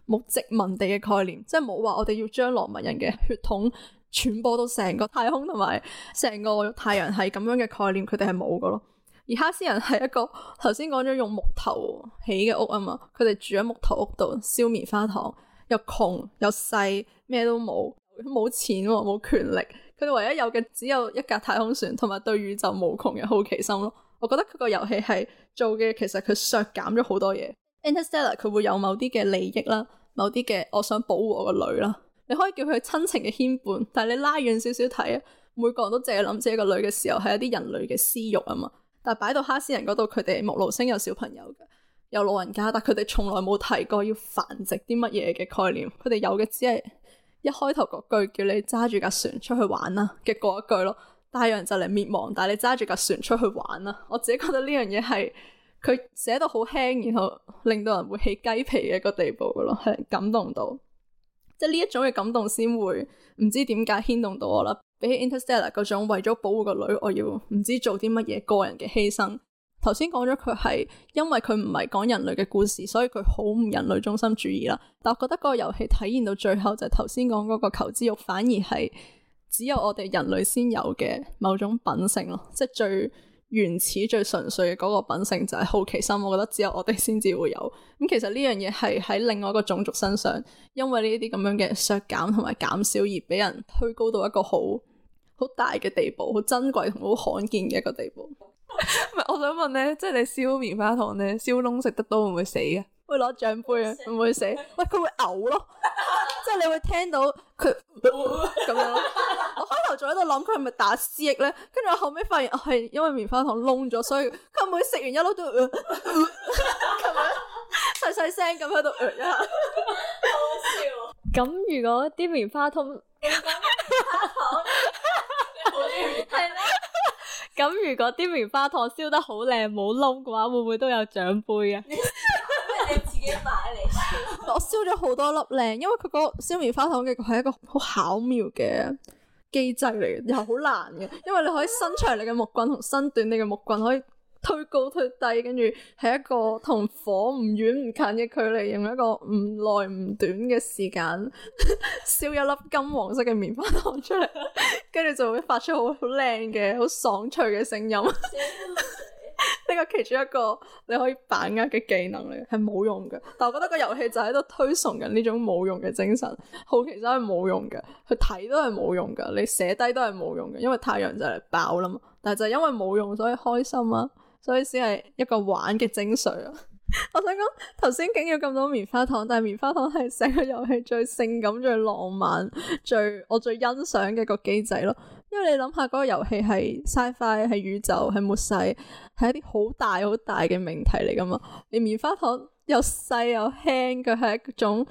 Speaker 4: 冇殖民地嘅概念，即係冇話我哋要將羅密人嘅血統傳播到成個太空同埋成個太陽系咁樣嘅概念，佢哋係冇㗎囉。而哈斯人係一個頭先講咗用木頭起嘅屋啊嘛，佢哋住喺木頭屋度燒棉花糖，又窮又細，咩都冇，冇錢，冇權力。佢哋唯一有嘅只有一架太空船，同埋對宇宙無窮嘅好奇心咯。我覺得佢個遊戲係做嘅，其實佢削減咗好多嘢。Interstellar 佢會有某啲嘅利益啦，某啲嘅我想保護我個女啦，你可以叫佢親情嘅牽絆，但係你拉遠少少睇啊，每個人都淨係諗住一個女嘅時候，係一啲人類嘅私欲啊嘛。但係擺到哈斯人嗰度，佢哋木盧星有小朋友嘅，有老人家，但佢哋從來冇提過要繁殖啲乜嘢嘅概念。佢哋有嘅只係一開頭嗰句叫你揸住架船出去玩啦嘅嗰一句咯。太陽就嚟滅亡，但係你揸住架船出去玩啦、啊。我自己覺得呢樣嘢係佢寫到好輕，然後令到人會起雞皮嘅一個地步噶咯，係感動到，即係呢一種嘅感動先會唔知點解牽動到我啦。比起 Interstellar 嗰種為咗保護個女，我要唔知做啲乜嘢個人嘅犧牲。頭先講咗佢係因為佢唔係講人類嘅故事，所以佢好唔人類中心主義啦。但我覺得個遊戲體現到最後就係頭先講嗰個求知欲，反而係只有我哋人類先有嘅某種品性咯，即係最原始、最純粹嘅嗰個品性就係好奇心。我覺得只有我哋先至會有。咁其實呢樣嘢係喺另外一個種族身上，因為呢啲咁樣嘅削減同埋減少而俾人推高到一個好，好大嘅地步，好珍貴同好罕見嘅一個地步。
Speaker 3: 唔係，我想問咧，即係你燒棉花糖咧，燒燶食得多會唔會死嘅？會攞
Speaker 4: 獎盃啊？會唔會死？喂，佢會嘔咯，呃、 [LAUGHS] 即係你會聽到佢咁、嗯、 [LAUGHS] 樣。我開頭仲喺度諗佢係咪打思噎咧，跟住我後尾發現我係、哎、因為棉花糖燶咗，所以佢每食完一粒都咁 [LAUGHS] 樣細細聲咁喺度嘔一下，好笑。
Speaker 1: 咁如果啲棉花糖？ [LAUGHS] 係啦，咁 [LAUGHS] 如果啲棉花糖燒得好靚冇冧嘅話，會唔會都有獎盃啊？你自
Speaker 4: 己買嚟，我燒咗好多粒靚，因為佢嗰個燒棉花糖嘅係一個好巧妙嘅機制嚟嘅，又好難嘅，因為你可以伸長你嘅木棍同伸短你嘅木棍可以。推高推低，跟住係一個同火唔遠唔近嘅距離，用一個唔耐唔短嘅時間燒 [LAUGHS] 一粒金黃色嘅棉花糖出嚟，跟住就會發出好好靚嘅、好爽脆嘅聲音。呢 [LAUGHS] [LAUGHS] 個其中一個你可以把握嘅技能嚟，係冇用嘅。但我覺得個遊戲就喺度推崇緊呢種冇用嘅精神，好奇真係冇用嘅，去睇都係冇用嘅，你寫低都係冇用嘅，因為太陽就嚟爆啦嘛。但係就因為冇用，所以開心啊！所以先係一個玩嘅精髓啊！ [LAUGHS] 我想講頭先竟有咁多棉花糖，但係棉花糖係成個遊戲最性感、最浪漫、最我最欣賞嘅個機制咯。因為你諗下嗰個遊戲係 sci-fi、係宇宙、係末世、係一啲好大好大嘅命題嚟噶嘛？你棉花糖又細又輕，佢係一種。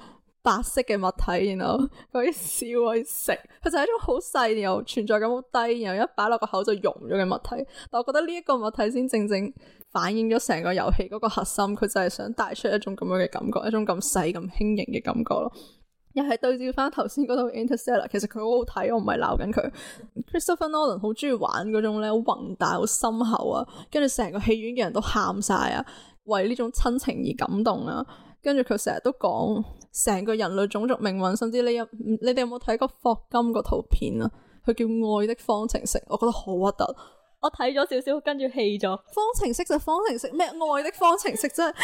Speaker 4: 白色嘅物體，然後 [LAUGHS] 可以燒，可以食。佢就係一種好細又存在感好低，然後一擺落個口就溶咗嘅物體。但我覺得呢一個物體先正正反映咗成個遊戲嗰個核心。佢就係想帶出一種咁樣嘅感覺，一種咁細咁輕盈嘅感覺咯。又係對照翻頭先嗰套《Interstellar》，其實佢好好睇，我唔係鬧緊佢。 [LAUGHS] Christopher Nolan 好中意玩嗰種咧，好宏大好深厚啊，跟住成個戲院嘅人都喊晒啊，為呢種親情而感動啊。跟住佢成日都講。成個人類種族命運，甚至你有你哋有冇睇過霍金個圖片啊？佢叫《愛的方程式》，我覺得好核突。
Speaker 1: 我睇咗少少，跟住棄咗
Speaker 4: 方程式就方程式咩？愛的方程式真係， [LAUGHS] [LAUGHS]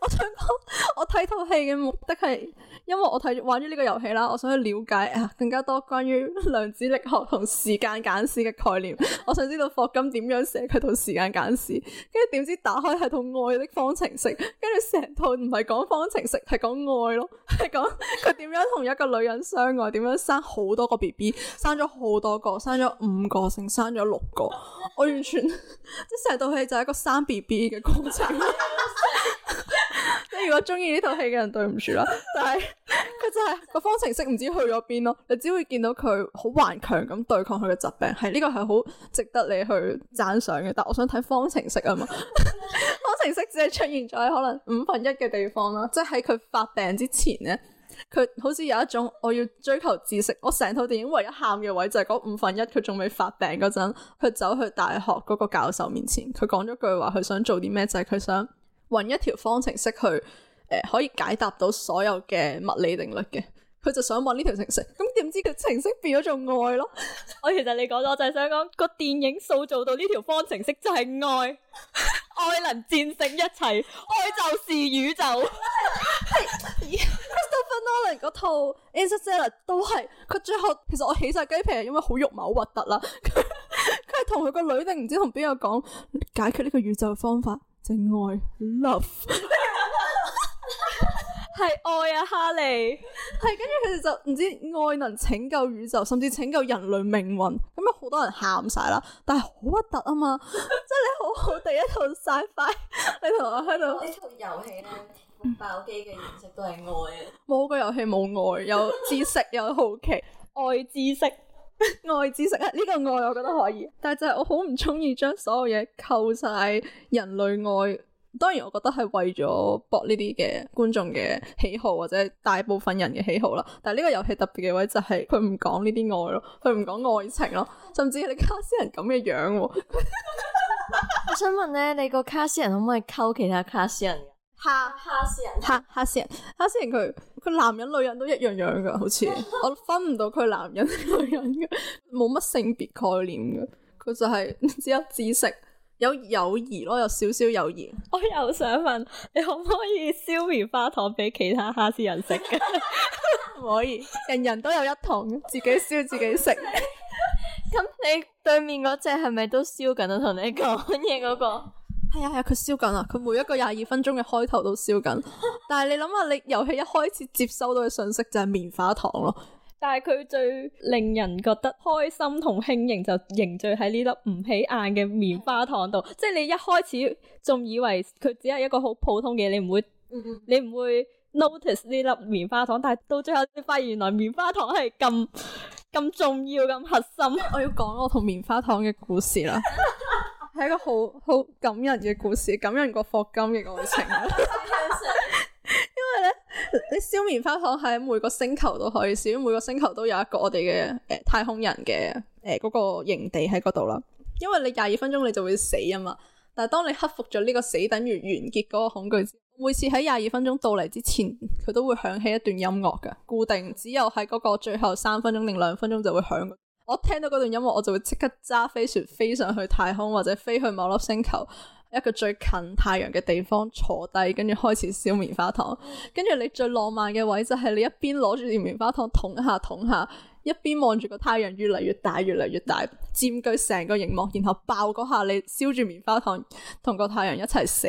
Speaker 4: 我想講我睇套戲嘅目的係，因為我睇玩咗呢個遊戲啦，我想去了解啊更加多關於量子力學同時間簡史嘅概念。我想知道霍金點樣寫佢套時間簡史，跟住點知打開係套愛的方程式，跟住成套唔係講方程式，係講愛咯，係講佢點樣同一個女人相愛，點樣生好多個 BB，生咗好多個，生咗五個，成生咗六個。 [MUSIC] 我完全即成套戲就係一個生 B B 嘅過程，即係如果中意呢套戲嘅人對唔住啦，但係佢真係個方程式唔知去咗邊咯，你只會見到佢好頑強咁對抗佢嘅疾病，係呢個係好值得你去讚賞嘅。但係我想睇方程式啊嘛， [LAUGHS] 方程式只係出現在可能五分一嘅地方啦，即係喺佢發病之前咧。佢好似有一種我要追求知識，我成套電影唯一喊嘅位就係嗰五分一，佢仲未發病嗰陣，佢走去大學嗰個教授面前，佢講咗句話，佢想做啲咩就係、是、佢想揾一條方程式去誒、呃、可以解答到所有嘅物理定律嘅，佢就想搵呢條程式，咁點
Speaker 1: 知佢程式變咗做愛咯？我其實你講咗我就係想講個電影塑造到呢條方程式就係愛。 [LAUGHS] 愛能戰勝一切，愛就是宇宙。
Speaker 4: Christopher Nolan 嗰套《Interstellar》都係，佢最後，其實我起晒雞皮係因為好肉麻好核突啦。佢係同佢個女定唔知同邊個講，解決呢個宇宙嘅方法就係、是、愛，Love。 [LAUGHS] 係愛啊，哈利，係跟住佢哋就唔知愛能拯救宇宙，甚至拯救人類命運，咁樣，好多人喊晒啦。但係好核突啊嘛， [LAUGHS]
Speaker 2: 即係你好好
Speaker 4: 哋一,一套晒快，你
Speaker 2: 同我喺度。呢套遊戲咧，爆機嘅形式都係愛。
Speaker 4: 冇個遊戲冇愛，有知識，有好奇， [LAUGHS] 愛知識，愛知識啊！呢、這個愛我覺得可以，但係就係我好唔中意將所有嘢扣晒人類愛。當然，我覺得係為咗博呢啲嘅觀眾嘅喜好或者大部分人嘅喜好啦。但係呢個遊戲特別嘅位就係佢唔講
Speaker 2: 呢啲愛咯，佢唔講愛情咯，甚至係你哈斯人咁嘅樣。我想問呢，你個哈斯人可唔可以溝其他哈斯人？
Speaker 1: 下哈斯人，下
Speaker 4: 哈斯人，哈斯人佢佢男人女人都一樣樣噶，好似我分唔到佢男人女人嘅，冇乜性別概念噶，佢就係只有知識。
Speaker 1: 有友誼咯，有少少友誼。我又想問你可唔可以燒棉花糖俾其他哈斯人食嘅？
Speaker 2: 唔 [LAUGHS] [LAUGHS] 可以，人人都有一桶，自己燒自己食。咁 [LAUGHS] [LAUGHS] 你對面嗰隻係咪都燒緊啊？同你講
Speaker 1: 嘢嗰個？
Speaker 4: 係啊係，佢燒緊啊！佢每一個廿二分鐘嘅開頭都燒緊。但係
Speaker 1: 你諗下，你遊戲一開
Speaker 4: 始接收到嘅信息就係棉花糖咯。
Speaker 1: 但係佢最令人覺得開心同輕盈，就凝聚喺呢粒唔起眼嘅棉花糖度。即係你一開始仲以為佢只係一個好普通嘅，你唔會，你唔會 notice 呢粒棉花糖。但係到最後你發現原來棉花糖係咁咁重要、咁核心。 [LAUGHS] 我要講我同棉花糖嘅故事啦，係 [LAUGHS] 一個
Speaker 4: 好好感人嘅故事，感人過霍金嘅愛情。 [LAUGHS] [LAUGHS] [LAUGHS] 你燒棉花糖喺每個星球都可以燒，每個星球都有一個我哋嘅，誒太空人嘅，誒嗰個營地喺嗰度啦。因為你廿二分鐘你就會死啊嘛，但係當你克服咗呢個死等於完結嗰個恐懼，每次喺廿二分鐘到嚟之前，佢都會響起一段音樂噶，固定只有喺嗰個最後三分鐘定兩分鐘就會響。我聽到嗰段音樂，我就會即刻揸飛船飛上去太空或者飛去某粒星球。一個最近太陽嘅地方坐低，跟住開始燒棉花糖。跟住你最浪漫嘅位就係你一邊攞住條棉花糖捅下捅下，一邊望住個太陽越嚟越大，越嚟越大，佔據成個熒幕，然後爆嗰下你燒住棉花糖同個太陽一齊死，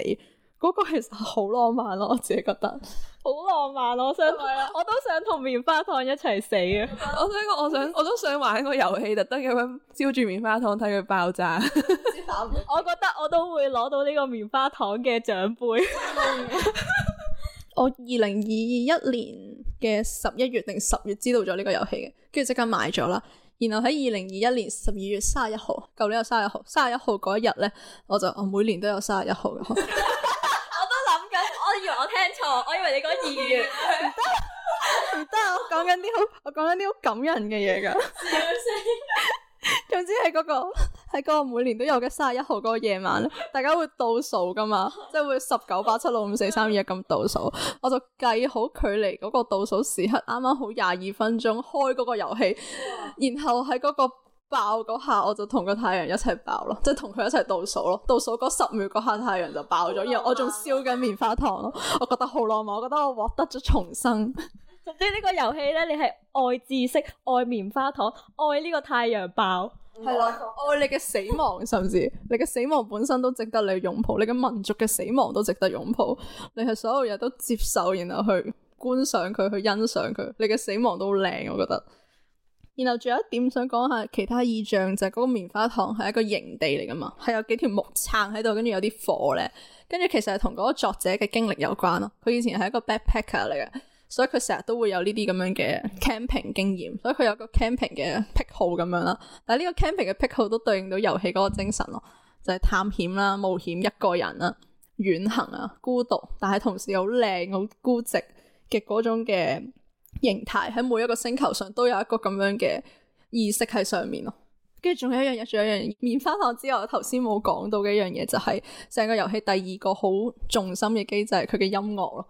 Speaker 4: 嗰個其實好浪漫咯、啊，我自己覺得
Speaker 1: 好浪漫、啊。我想， [LAUGHS] 我都想同棉花糖一齊死啊！ [LAUGHS] 我想我想，
Speaker 3: 我都想玩個遊戲，特登咁樣燒住棉花糖睇佢爆炸。 [LAUGHS]
Speaker 1: 我覺得我都會攞到呢個棉花糖嘅獎杯。
Speaker 3: 我
Speaker 4: 二零二一年嘅十一月定十月知道咗呢個遊戲嘅，跟住即刻買咗啦。然後喺二零二一年十二月三十一號，舊年有三十一號，三十一號嗰一日呢，我就我每年都有三十一號。 [LAUGHS] [LAUGHS] 我
Speaker 1: 都諗緊，我以為我聽錯，我以為你講
Speaker 4: 二月。唔得， [LAUGHS] 唔得，我講緊啲好，我講緊啲好感人嘅嘢噶。 [LAUGHS] [LAUGHS] 總之係嗰、嗰個，係嗰個每年都有嘅三十一號嗰個夜晚，大家會倒數噶嘛， [LAUGHS] 即係會十九八七六五四三二一咁倒數。我就計好距離嗰個倒數時刻啱啱好廿二分鐘開嗰個遊戲，然後喺嗰個爆嗰下，我就同個太陽一齊爆咯，即係同佢一齊倒數咯。倒數嗰十秒嗰下，太陽就爆咗，然後我仲燒緊棉花糖咯。我覺得好浪漫，我覺得我獲得咗重生。 [LAUGHS]
Speaker 1: 甚至呢個遊戲呢，你係愛知識、愛棉花糖、愛呢個太陽爆，係咯，愛你嘅死亡，甚
Speaker 4: 至 [LAUGHS] 你嘅死亡本身都值得你擁抱，你嘅民族嘅死亡都值得擁抱。你係所有嘢都接受，然後去觀賞佢，去欣賞佢，你嘅死亡都靚，我覺得。 [LAUGHS] 然後仲有一點想講下其他意象，就係嗰個棉花糖係一個營地嚟噶嘛，係有幾條木撐喺度，跟住有啲火咧，跟住其實係同嗰個作者嘅經歷有關咯。佢以前係一個 backpacker 嚟嘅。.所以佢成日都會有呢啲咁樣嘅 camping 經驗，所以佢有個 camping 嘅癖好咁樣啦。但係呢個 camping 嘅癖好都對應到遊戲嗰個精神咯，就係、是、探險啦、啊、冒險、一個人啦、啊、遠行啊、孤獨，但係同時又好靚、好孤寂嘅嗰種嘅形態喺每一個星球上都有一個咁樣嘅意識喺上面咯。跟住仲有一樣嘢，仲有一樣，棉花糖之後我頭先冇講到嘅一樣嘢就係、是、成個遊戲第二個好重心嘅機制係佢嘅音樂咯。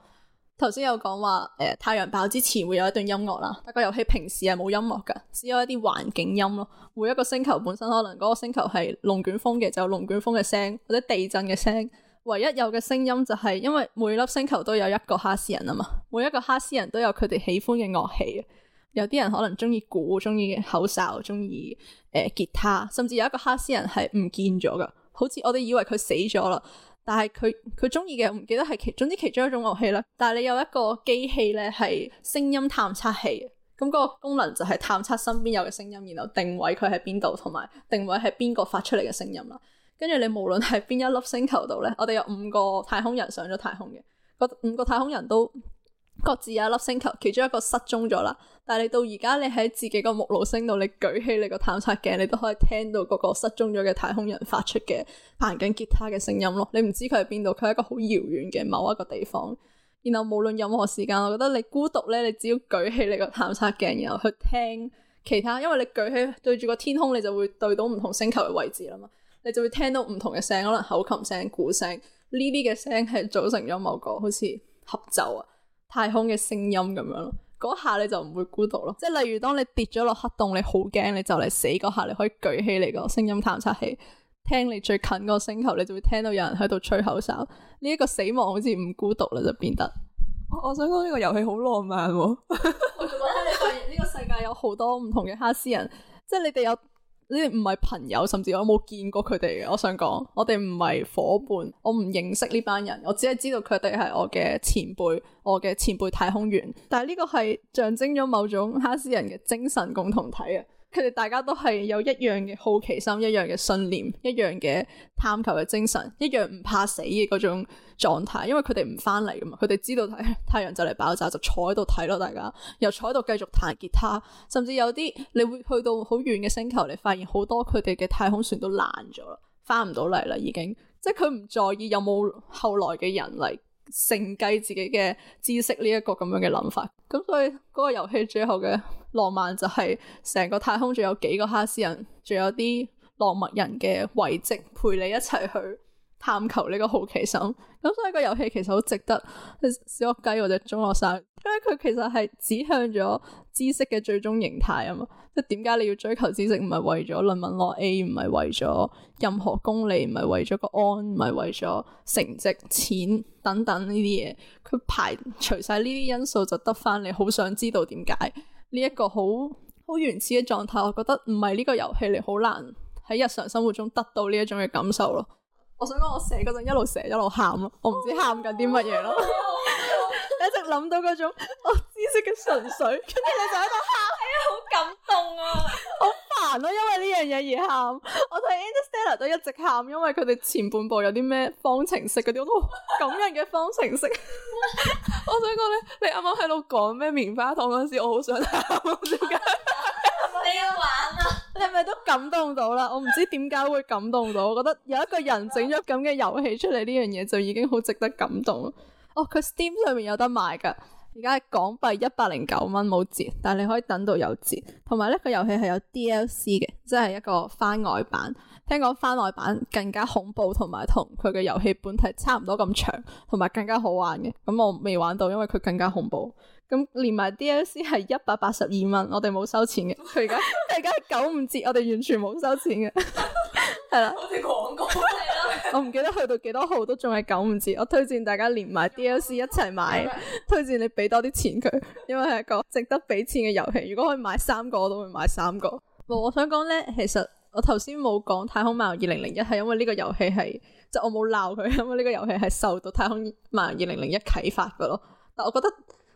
Speaker 4: 頭先有講話，誒、呃、太陽爆之前會有一段音樂啦。不過遊戲平時係冇音樂嘅，只有一啲環境音咯。每一個星球本身可能嗰個星球係龍捲風嘅，就龍捲風嘅聲或者地震嘅聲。唯一有嘅聲音就係、是，因為每粒星球都有一個哈斯人啊嘛，每一個哈斯人都有佢哋喜歡嘅樂器。有啲人可能鍾意鼓、鍾意口哨、鍾意誒吉他。甚至有一個哈斯人係唔見咗噶，好似我哋以為佢死咗啦。但係佢，佢中意嘅，我唔記得係其，總之其中一種樂器啦。但係你有一個機器咧，係聲音探測器，咁個功能就係探測身邊有嘅聲音，然後定位佢喺邊度，同埋定位係邊個發出嚟嘅聲音啦。跟住你無論係邊一粒星球度咧，我哋有五個太空人上咗太空嘅，五個太空人都。各自有一粒星球，其中一個失蹤咗啦。但係你到而家，你喺自己個木爐星度，你舉起你個探測鏡，你都可以聽到嗰個失蹤咗嘅太空人發出嘅彈緊吉他嘅聲音咯。你唔知佢喺邊度，佢喺一個好遙遠嘅某一個地方。然後無論任何時間，我覺得你孤獨咧，你只要舉起你個探測鏡，然後去聽其他，因為你舉起對住個天空，你就會對到唔同星球嘅位置啦嘛，你就會聽到唔同嘅聲，可能口琴聲、鼓聲呢啲嘅聲係組成咗某個好似合奏啊。太空嘅聲音咁樣咯，嗰下你就唔會孤獨咯。即係例如，當你跌咗落黑洞，你好驚，你就嚟死嗰下，你可以舉起你個聲音探測器，聽你最近個星球，你就會聽到有人喺度吹口哨。呢一個死亡好似唔孤獨啦，就變得我，我想講呢個遊戲好浪漫哦。 [LAUGHS] 我仲覺得你發現呢個世界有好多唔同嘅哈斯人， [LAUGHS] 即係你哋有。呢啲唔係朋友，甚至我冇見過佢哋嘅。我想講，我哋唔係夥伴，我唔認識呢班人，我只係知道佢哋係我嘅前輩，我嘅前輩太空員。但係呢個係象徵咗某種哈斯人嘅精神共同體啊！佢哋大家都係有一樣嘅好奇心，一樣嘅信念，一樣嘅探求嘅精神，一樣唔怕死嘅嗰種狀態。因為佢哋唔翻嚟噶嘛，佢哋知道太陽就嚟爆炸，就坐喺度睇咯。大家又坐喺度繼續彈吉他，甚至有啲你會去到好遠嘅星球，你發現好多佢哋嘅太空船都爛咗啦，翻唔到嚟啦，已經。即係佢唔在意有冇後來嘅人嚟。承繼自己嘅知識呢一個咁樣嘅諗法，咁所以嗰個遊戲最後嘅浪漫就係成個太空仲有幾個哈斯人，仲有啲落墨人嘅遺跡陪你一齊去探求呢個好奇心，咁所以個遊戲其實好值得小學雞或者中學生，因為佢其實係指向咗知識嘅最終形態啊嘛。即係點解你要追求知識？唔係為咗論文攞 A，唔係為咗任何功利，唔係為咗個安，唔係為咗成績、錢等等呢啲嘢。佢排除晒呢啲因素，就得返你好想知道點解呢一個好好原始嘅狀態。我覺得唔係呢個遊戲嚟，好難喺日常生活中得到呢一種嘅感受咯。我想講我寫嗰陣一路寫一路喊咯，我唔知喊緊啲乜嘢咯。 [LAUGHS] 我一直諗到嗰種我知識嘅純粹，跟住你就喺度
Speaker 1: 喊， [LAUGHS] 哎呀好感動啊，
Speaker 4: [LAUGHS] 好煩咯，啊，因為呢樣嘢而喊。我睇 Interstellar 都一直喊，因為佢哋前半部有啲咩方程式嗰啲，好感人嘅方程式。 [LAUGHS] [LAUGHS] [LAUGHS] 我想講咧，你啱啱喺度講咩棉花糖嗰時，我好想喊。點解？你要玩啊！ [LAUGHS] 你係咪都感動到啦？我唔知點解會感動到，我覺得有一個人整咗咁嘅遊戲出嚟，呢樣嘢就已經好值得感動。哦，佢 Steam 上面有得賣噶，而家港幣一百零九蚊冇折，但係你可以等到有折。同埋呢個遊戲係有 DLC 嘅，即係一個番外版。聽講番外版更加恐怖，同埋同佢嘅遊戲本體差唔多咁長，同埋更加好玩嘅。咁我未玩到，因為佢更加恐怖。咁連埋 DLC 係一百八十二蚊，我哋冇收錢嘅。佢而家，佢而家係九五折，我哋完全冇收錢嘅。 [LAUGHS] [LAUGHS] 係啦，好似廣告。 [LAUGHS] 我唔記得去到幾多號都仲係九唔住，我推薦大家連埋 DLC 一齊買，推薦你俾多啲錢佢，因為係一個值得俾錢嘅遊戲。如果可以買三個，我都會買三個。我 [LAUGHS] 我想講呢，其實我頭先冇講太空漫遊二零零一，係因為呢個遊戲係即係我冇鬧佢，因為呢個遊戲係受到太空漫遊二零零一啟發噶咯。但我覺得。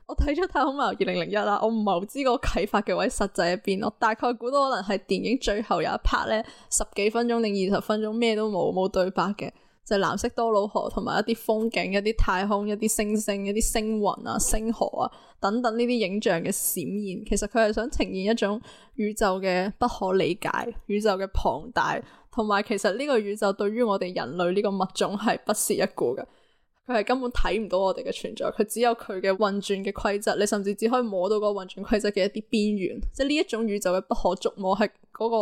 Speaker 4: 我睇咗《太空漫遊2001》啦，我唔係好知個啟發嘅位實際喺邊？我大概估到可能係電影最後有一 part 咧，十幾分鐘定二十分鐘咩都冇冇對白嘅，就係藍色多瑙河同埋一啲風景、一啲太空、一啲星星、一啲星雲啊、星河啊等等呢啲影像嘅閃現。其實佢係想呈現一種宇宙嘅不可理解、宇宙嘅龐大，同埋其實呢個宇宙對於我哋人類呢個物種係不屑一顧嘅。佢係根本睇唔到我哋嘅存在，佢只有佢嘅運轉嘅規則，你甚至只可以摸到嗰個運轉規則嘅一啲邊緣，即係呢一種宇宙嘅不可捉摸，係嗰個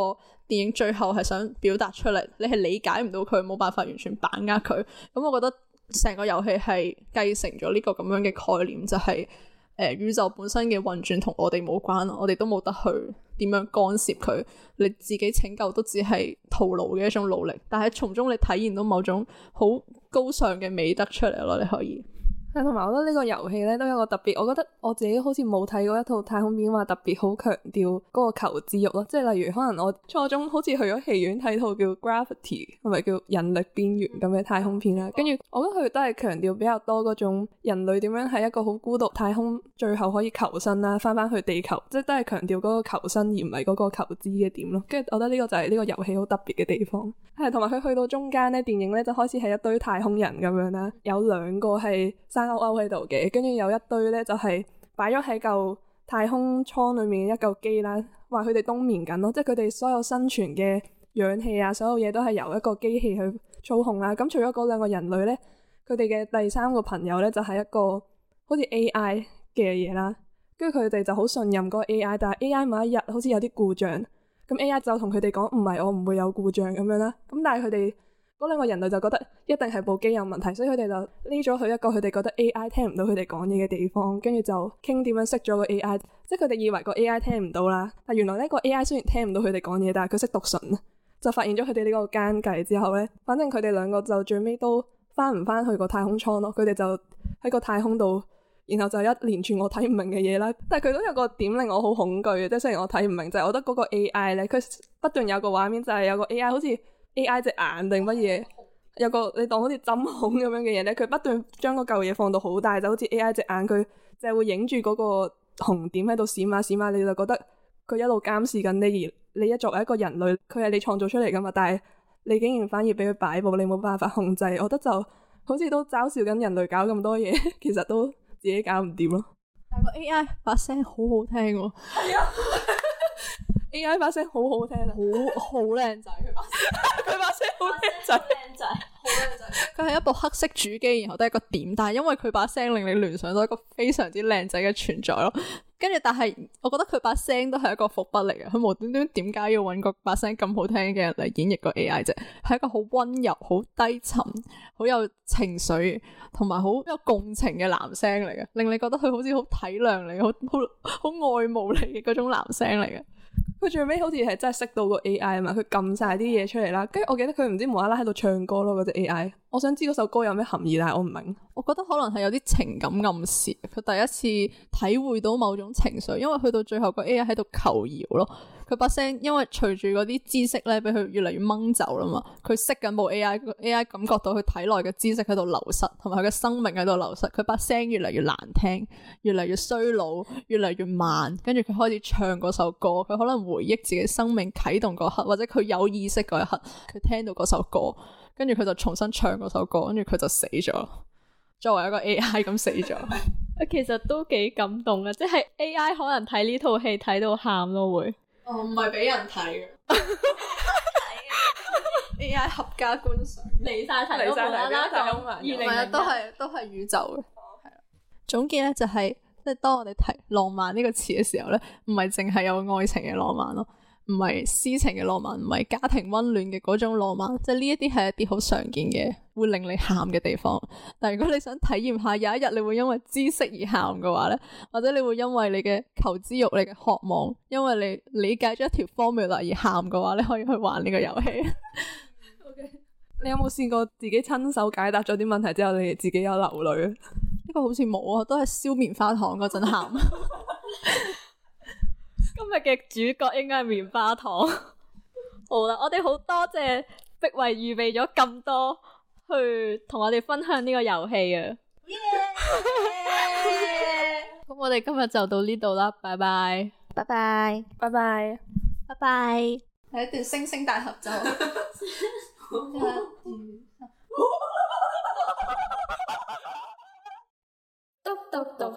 Speaker 4: 電影最後係想表達出嚟，你係理解唔到佢，冇辦法完全把握佢，咁我覺得成個遊戲係繼承咗呢個咁樣嘅概念，就係。誒、呃、宇宙本身嘅運轉同我哋冇關，我哋都冇得去點樣干涉佢。你自己拯救都只係徒勞嘅一種努力，但係從中你體驗到某種
Speaker 3: 好高尚嘅美德出嚟咯，你可以。係，同埋我覺得個遊戲呢個遊戲咧都有個特別，我覺得我自己好似冇睇過一套太空片話特別好強調嗰個求知欲咯，即係例如可能我初中好似去咗戲院睇套叫《Gravity》，係咪叫《引力邊緣》咁嘅太空片啦？跟住、嗯、我覺得佢都係強調比較多嗰種人類點樣喺一個好孤獨太空，最後可以求生啦，翻翻去地球，即係都係強調嗰個求生而唔係嗰個求知嘅點咯。跟住我覺得呢個就係呢個遊戲好特別嘅地方。係，同埋佢去到中間呢，電影呢就開始係一堆太空人咁樣啦，有兩個係。生勾勾喺度嘅，跟住有一堆呢就係擺咗喺嚿太空艙裏面一嚿機啦，話佢哋冬眠緊咯，即係佢哋所有生存嘅氧氣啊，所有嘢都係由一個機器去操控啦。咁除咗嗰兩個人類呢，佢哋嘅第三個朋友呢就係一個好似 AI 嘅嘢啦，跟住佢哋就好信任嗰個 AI，但係 AI 某一日好似有啲故障，咁 AI 就同佢哋講，唔係我唔會有故障咁樣啦，咁但係佢哋。嗰兩個人類就覺得一定係部機有問題，所以佢哋就匿咗去一個佢哋覺得 AI 聽唔到佢哋講嘢嘅地方，跟住就傾點樣熄咗個 AI，即係佢哋以為個 AI 聽唔到啦。但原來呢個 AI 雖然聽唔到佢哋講嘢，但係佢識讀唇，就發現咗佢哋呢個奸計之後呢，反正佢哋兩個就最尾都翻唔翻去個太空艙咯。佢哋就喺個太空度，然後就一連串我睇唔明嘅嘢啦。但係佢都有個點令我好恐懼嘅，即係雖然我睇唔明，就係我覺得嗰個 AI 呢，佢不斷有個畫面就係有個 AI 好似。A.I. 隻眼定乜嘢？ [MUSIC] 有個你當好似針孔咁樣嘅嘢咧，佢不斷將個嚿嘢放到好大，就好似 A.I. 隻眼，佢就係會影住嗰個紅點喺度閃下閃下，你就覺得佢一路監視緊你。而你一作為一個人類，佢係你創造出嚟噶嘛？但係你竟然反而俾佢擺布，你冇辦法控制。我覺得就好似都嘲笑緊人類搞咁多嘢，其實都自己搞唔掂咯。但係個 A.I. 把聲好好聽喎。A.I
Speaker 4: 把聲好好聽，好好靚仔佢把聲，佢把聲好靚仔，靚仔， [LAUGHS] 好靚仔。佢係 [LAUGHS] [LAUGHS] 一部黑色主機， [LAUGHS] 然後都係一個點，但係因為佢把聲令你聯想到一個非常之靚仔嘅存在咯。跟住，但係我覺得佢把聲都係一個伏筆嚟嘅。佢無端端點解要揾個把聲咁好聽嘅人嚟演繹個 A.I 啫？係一個好溫柔、好低沉、好有情緒同埋好有共情嘅男聲嚟嘅，令你覺得佢
Speaker 3: 好似好體諒你、好好好愛慕你嘅嗰種男聲嚟嘅。佢最尾好似係真係識到個 A.I. 啊嘛，佢撳晒啲嘢出嚟啦，跟住我記得佢唔知無啦啦喺度唱歌咯，嗰隻 A.I. 我想知嗰首歌有咩含義，但係我唔明。我覺得可能係有啲情感暗示。佢第一
Speaker 4: 次體會到某種情緒，因為去到最後個 A I 喺度求饒咯。佢把聲，因為隨住嗰啲知識咧，俾佢越嚟越掹走啦嘛。佢識緊部 A I，A I 感覺到佢體內嘅知識喺度流失，同埋佢嘅生命喺度流失。佢把聲越嚟越難聽，越嚟越衰老，越嚟越慢。跟住佢開始唱嗰首歌，佢可能回憶自己生命啟動嗰刻，或者佢有意識嗰一刻，佢聽到嗰首歌。跟住佢就重新唱嗰首歌，跟住佢就死咗。
Speaker 1: 作為一個 AI 咁
Speaker 4: 死咗，
Speaker 1: [LAUGHS] 其實都幾感動嘅，即係 AI 可能睇呢套戲睇到喊咯會。哦，唔係俾
Speaker 4: 人睇嘅 [LAUGHS] [LAUGHS] ，AI 合家觀賞，離晒題都冇啱啱講完，而係都係是都係宇宙嘅。係啊、哦。總結咧就係、是，即係當我哋提浪漫呢個詞嘅時候咧，唔係淨係有愛情嘅浪漫咯。唔係私情嘅浪漫，唔係家庭溫暖嘅嗰種浪漫，即係呢一啲係一啲好常見嘅會令你喊嘅地方。但係如果你想體驗下有一日你會因為知識而喊嘅話咧，或者你會因為你嘅求知慾、你嘅渴望，因為你理解咗一條
Speaker 3: formula 而喊嘅話，你可以去玩呢個遊戲。 [LAUGHS] OK，你有冇試過自己親手解答咗啲問題之後，你自己有流淚？呢 [LAUGHS] 個好似冇啊，都係燒棉花
Speaker 1: 糖嗰陣喊。 [LAUGHS] 今日嘅主角應該係棉花糖， [LAUGHS] 好啦，我哋好多謝碧蔚預備咗咁多去同我哋分享呢個遊戲啊！好嘢！好嘢！咁我哋今日就到呢度啦，拜拜，拜拜，拜拜，拜拜，係一段星星大合奏。嘟嘟嘟。